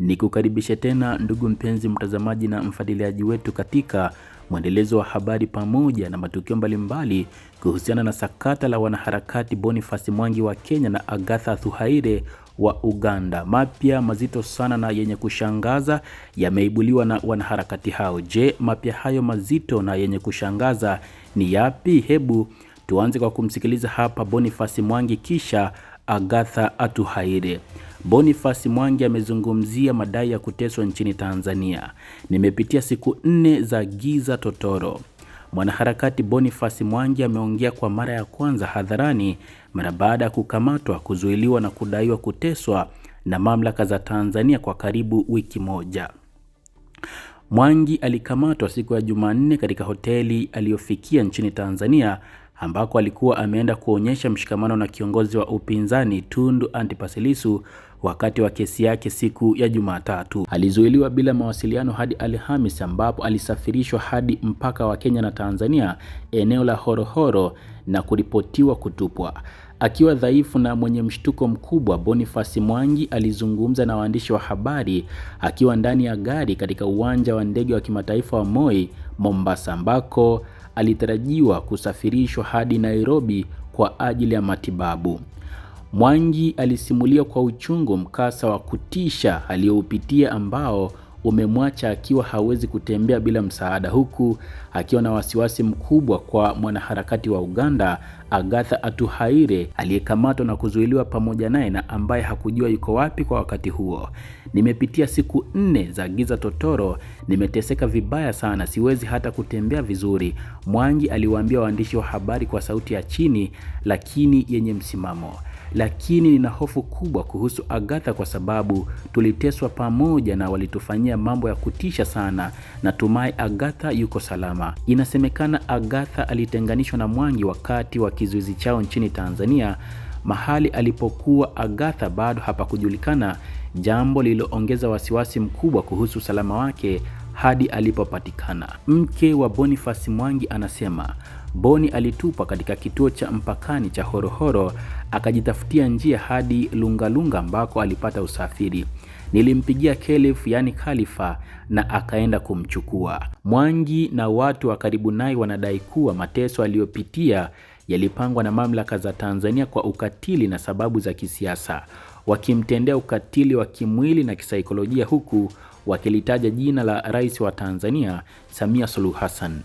Ni kukaribisha tena ndugu mpenzi mtazamaji na mfuatiliaji wetu katika mwendelezo wa habari pamoja na matukio mbalimbali kuhusiana na sakata la wanaharakati Boniface Mwangi wa Kenya na Agatha Thuhaire wa Uganda. Mapya mazito sana na yenye kushangaza yameibuliwa na wanaharakati hao. Je, mapya hayo mazito na yenye kushangaza ni yapi? Hebu tuanze kwa kumsikiliza hapa Boniface Mwangi kisha Agatha Atuhaire. Boniface Mwangi amezungumzia madai ya kuteswa nchini Tanzania. Nimepitia siku nne za giza totoro. Mwanaharakati Boniface Mwangi ameongea kwa mara ya kwanza hadharani mara baada ya kukamatwa, kuzuiliwa na kudaiwa kuteswa na mamlaka za Tanzania kwa karibu wiki moja. Mwangi alikamatwa siku ya Jumanne katika hoteli aliyofikia nchini Tanzania ambako alikuwa ameenda kuonyesha mshikamano na kiongozi wa upinzani Tundu Antipas Lissu wakati wa kesi yake siku ya Jumatatu. Alizuiliwa bila mawasiliano hadi Alhamis ambapo alisafirishwa hadi mpaka wa Kenya na Tanzania, eneo la Horohoro na kuripotiwa kutupwa. Akiwa dhaifu na mwenye mshtuko mkubwa, Boniface Mwangi alizungumza na waandishi wa habari akiwa ndani ya gari katika uwanja wa ndege wa kimataifa wa Moi Mombasa, ambako alitarajiwa kusafirishwa hadi Nairobi kwa ajili ya matibabu. Mwangi alisimulia kwa uchungu mkasa wa kutisha aliyoupitia ambao umemwacha akiwa hawezi kutembea bila msaada, huku akiwa na wasiwasi mkubwa kwa mwanaharakati wa Uganda Agatha Atuhaire aliyekamatwa na kuzuiliwa pamoja naye na ambaye hakujua yuko wapi kwa wakati huo. Nimepitia siku nne za giza totoro, nimeteseka vibaya sana, siwezi hata kutembea vizuri, Mwangi aliwaambia waandishi wa habari kwa sauti ya chini lakini yenye msimamo lakini nina hofu kubwa kuhusu Agatha kwa sababu tuliteswa pamoja na walitufanyia mambo ya kutisha sana. Natumai Agatha yuko salama. Inasemekana Agatha alitenganishwa na Mwangi wakati wa kizuizi chao nchini Tanzania. Mahali alipokuwa Agatha bado hapakujulikana, jambo lililoongeza wasiwasi mkubwa kuhusu usalama wake hadi alipopatikana. Mke wa Boniface Mwangi anasema Boni alitupa katika kituo cha mpakani cha Horohoro akajitafutia njia hadi Lungalunga ambako alipata usafiri. Nilimpigia Kelif yani Khalifa na akaenda kumchukua. Mwangi na watu wa karibu naye wanadai kuwa mateso aliyopitia yalipangwa na mamlaka za Tanzania kwa ukatili na sababu za kisiasa, wakimtendea ukatili wa kimwili na kisaikolojia, huku wakilitaja jina la Rais wa Tanzania Samia Suluhu Hassan.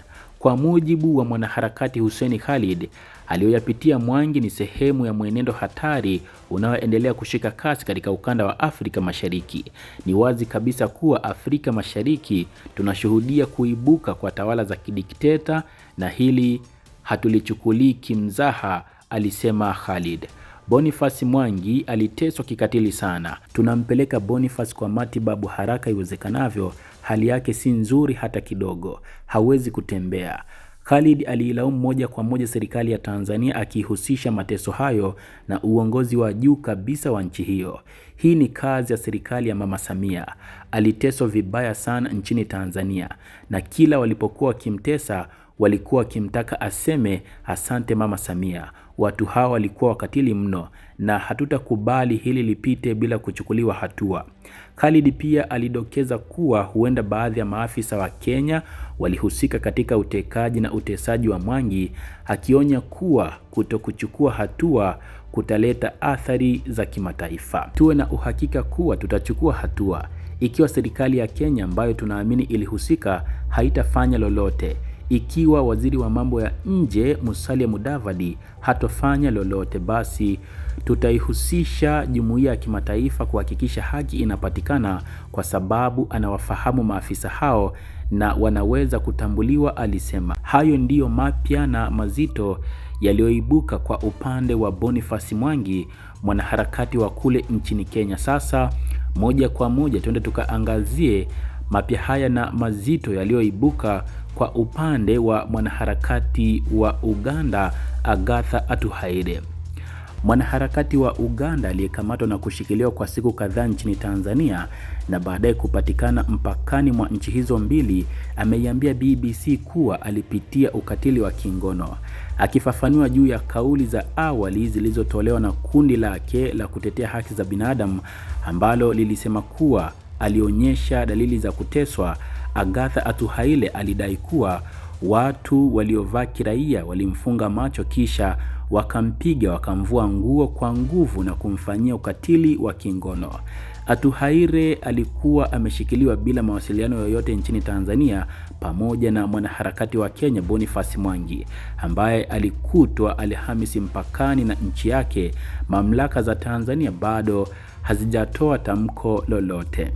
Kwa mujibu wa mwanaharakati Hussein Khalid, aliyoyapitia Mwangi ni sehemu ya mwenendo hatari unaoendelea kushika kasi katika ukanda wa Afrika Mashariki. Ni wazi kabisa kuwa Afrika Mashariki tunashuhudia kuibuka kwa tawala za kidikteta na hili hatulichukulii kimzaha, alisema Khalid. Boniface Mwangi aliteswa kikatili sana. Tunampeleka Boniface kwa matibabu haraka iwezekanavyo. Hali yake si nzuri hata kidogo, hawezi kutembea. Khalid aliilaumu moja kwa moja serikali ya Tanzania akihusisha mateso hayo na uongozi wa juu kabisa wa nchi hiyo. Hii ni kazi ya serikali ya Mama Samia. Aliteswa vibaya sana nchini Tanzania, na kila walipokuwa wakimtesa walikuwa wakimtaka aseme asante Mama Samia. Watu hawa walikuwa wakatili mno, na hatutakubali hili lipite bila kuchukuliwa hatua. Khalid pia alidokeza kuwa huenda baadhi ya maafisa wa Kenya walihusika katika utekaji na utesaji wa Mwangi, akionya kuwa kutokuchukua hatua kutaleta athari za kimataifa. Tuwe na uhakika kuwa tutachukua hatua. Ikiwa serikali ya Kenya ambayo tunaamini ilihusika haitafanya lolote, ikiwa waziri wa mambo ya nje Musalia Mudavadi hatofanya lolote, basi tutaihusisha jumuiya ya kimataifa kuhakikisha haki inapatikana, kwa sababu anawafahamu maafisa hao na wanaweza kutambuliwa, alisema. Hayo ndiyo mapya na mazito yaliyoibuka kwa upande wa Boniface Mwangi, mwanaharakati wa kule nchini Kenya. Sasa moja kwa moja tuende tukaangazie mapya haya na mazito yaliyoibuka kwa upande wa mwanaharakati wa Uganda Agatha Atuhaire. Mwanaharakati wa Uganda aliyekamatwa na kushikiliwa kwa siku kadhaa nchini Tanzania na baadaye kupatikana mpakani mwa nchi hizo mbili ameiambia BBC kuwa alipitia ukatili wa kingono. Akifafanua juu ya kauli za awali zilizotolewa na kundi lake la kutetea haki za binadamu ambalo lilisema kuwa alionyesha dalili za kuteswa, Agatha atuhaile alidai kuwa watu waliovaa kiraia walimfunga macho kisha wakampiga, wakamvua nguo kwa nguvu na kumfanyia ukatili wa kingono. Atuhaire alikuwa ameshikiliwa bila mawasiliano yoyote nchini Tanzania pamoja na mwanaharakati wa Kenya Boniface Mwangi ambaye alikutwa Alhamisi mpakani na nchi yake. Mamlaka za Tanzania bado hazijatoa tamko lolote.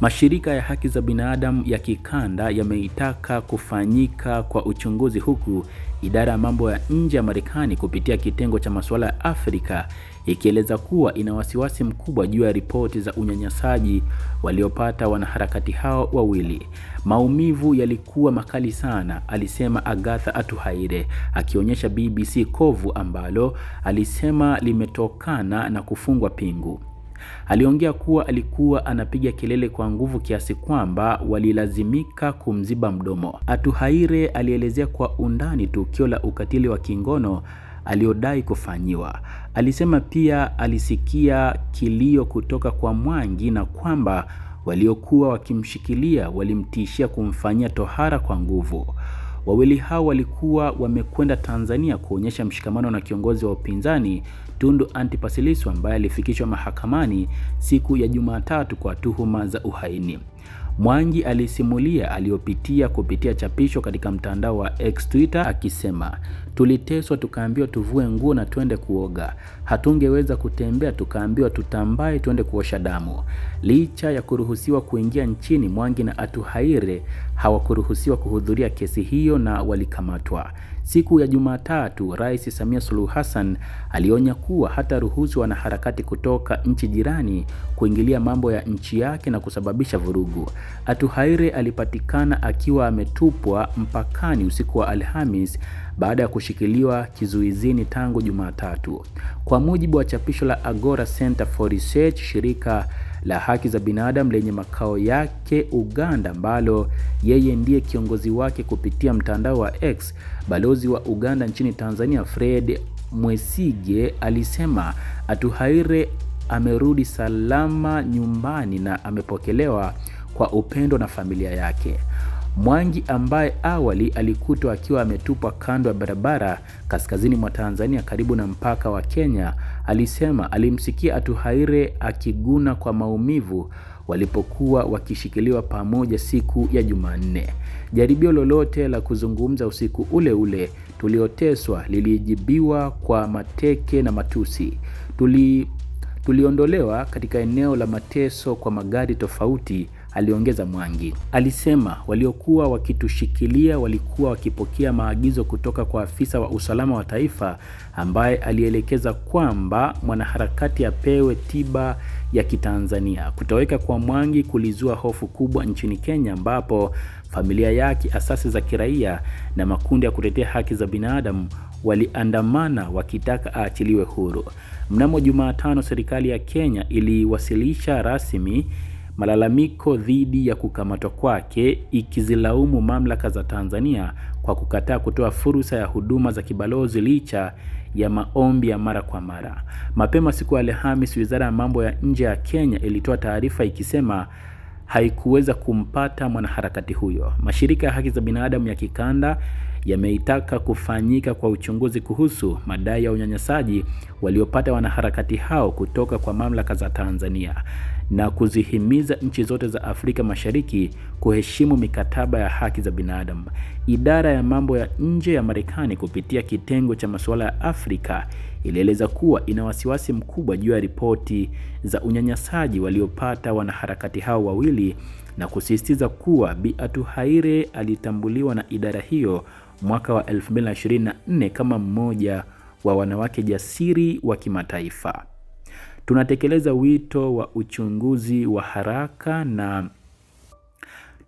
Mashirika ya haki za binadamu ya kikanda yameitaka kufanyika kwa uchunguzi huku idara ya mambo ya nje ya Marekani kupitia kitengo cha masuala ya Afrika ikieleza kuwa ina wasiwasi mkubwa juu ya ripoti za unyanyasaji waliopata wanaharakati hao wawili. Maumivu yalikuwa makali sana, alisema Agatha Atuhaire akionyesha BBC kovu ambalo alisema limetokana na kufungwa pingu. Aliongea kuwa alikuwa anapiga kelele kwa nguvu kiasi kwamba walilazimika kumziba mdomo. Atuhaire alielezea kwa undani tukio la ukatili wa kingono aliodai kufanyiwa. Alisema pia alisikia kilio kutoka kwa Mwangi na kwamba waliokuwa wakimshikilia walimtishia kumfanyia tohara kwa nguvu. Wawili hao walikuwa wamekwenda Tanzania kuonyesha mshikamano na kiongozi wa upinzani Tundu Antipas Lissu ambaye alifikishwa mahakamani siku ya Jumatatu kwa tuhuma za uhaini. Mwangi alisimulia aliyopitia kupitia chapisho katika mtandao wa X Twitter akisema, tuliteswa tukaambiwa tuvue nguo na twende kuoga, hatungeweza kutembea tukaambiwa tutambae twende kuosha damu. Licha ya kuruhusiwa kuingia nchini, Mwangi na atuhaire hawakuruhusiwa kuhudhuria kesi hiyo na walikamatwa. Siku ya Jumatatu, Rais Samia Suluhu Hassan alionya kuwa hataruhusu wanaharakati kutoka nchi jirani kuingilia mambo ya nchi yake na kusababisha vurugu. Atuhaire alipatikana akiwa ametupwa mpakani usiku wa Alhamis baada ya kushikiliwa kizuizini tangu Jumatatu. Kwa mujibu wa chapisho la Agora Center for Research, shirika la haki za binadamu lenye makao yake Uganda, ambalo yeye ndiye kiongozi wake kupitia mtandao wa X, balozi wa Uganda nchini Tanzania Fred Mwesige alisema Atuhaire amerudi salama nyumbani na amepokelewa kwa upendo na familia yake. Mwangi ambaye awali alikutwa akiwa ametupwa kando ya barabara kaskazini mwa Tanzania karibu na mpaka wa Kenya, alisema alimsikia Atuhaire akiguna kwa maumivu walipokuwa wakishikiliwa pamoja siku ya Jumanne. Jaribio lolote la kuzungumza usiku ule ule tulioteswa lilijibiwa kwa mateke na matusi. Tuli, tuliondolewa katika eneo la mateso kwa magari tofauti aliongeza Mwangi. Alisema waliokuwa wakitushikilia walikuwa wakipokea maagizo kutoka kwa afisa wa usalama wa taifa ambaye alielekeza kwamba mwanaharakati apewe tiba ya Kitanzania. Kutoweka kwa Mwangi kulizua hofu kubwa nchini Kenya ambapo familia yake, asasi za kiraia na makundi ya kutetea haki za binadamu waliandamana wakitaka aachiliwe huru. Mnamo Jumatano, serikali ya Kenya iliwasilisha rasmi malalamiko dhidi ya kukamatwa kwake ikizilaumu mamlaka za Tanzania kwa kukataa kutoa fursa ya huduma za kibalozi licha ya maombi ya mara kwa mara. Mapema siku ya Alhamis, Wizara ya Mambo ya Nje ya Kenya ilitoa taarifa ikisema haikuweza kumpata mwanaharakati huyo. Mashirika ya haki za binadamu ya kikanda yameitaka kufanyika kwa uchunguzi kuhusu madai ya unyanyasaji waliopata wanaharakati hao kutoka kwa mamlaka za Tanzania na kuzihimiza nchi zote za Afrika Mashariki kuheshimu mikataba ya haki za binadamu. Idara ya mambo ya nje ya Marekani kupitia kitengo cha masuala ya Afrika ilieleza kuwa ina wasiwasi mkubwa juu ya ripoti za unyanyasaji waliopata wanaharakati hao wawili na kusisitiza kuwa Bi Atuhaire alitambuliwa na idara hiyo mwaka wa 2024 kama mmoja wa wanawake jasiri wa kimataifa. Tunatekeleza wito wa uchunguzi wa haraka na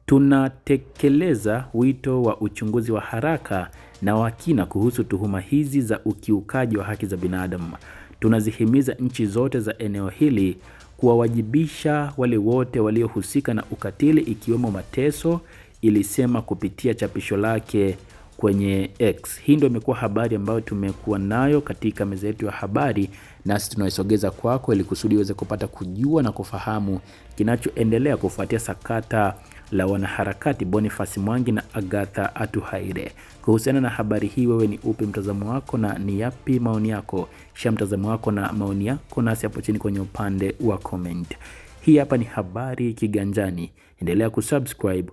tunatekeleza wito wa uchunguzi wa haraka na wa kina kuhusu tuhuma hizi za ukiukaji wa haki za binadamu. Tunazihimiza nchi zote za eneo hili kuwawajibisha wale wote waliohusika na ukatili ikiwemo mateso, ilisema kupitia chapisho lake kwenye X. Hii ndio imekuwa habari ambayo tumekuwa nayo katika meza yetu ya habari, nasi tunaisogeza kwako ili kusudi uweze kupata kujua na kufahamu kinachoendelea kufuatia sakata la wanaharakati Boniface Mwangi na Agatha Atuhaire. Kuhusiana na habari hii, wewe ni upi mtazamo wako na ni yapi maoni yako? Shia mtazamo wako na maoni yako nasi hapo chini kwenye upande wa comment. Hii hapa ni habari Kiganjani, endelea kusubscribe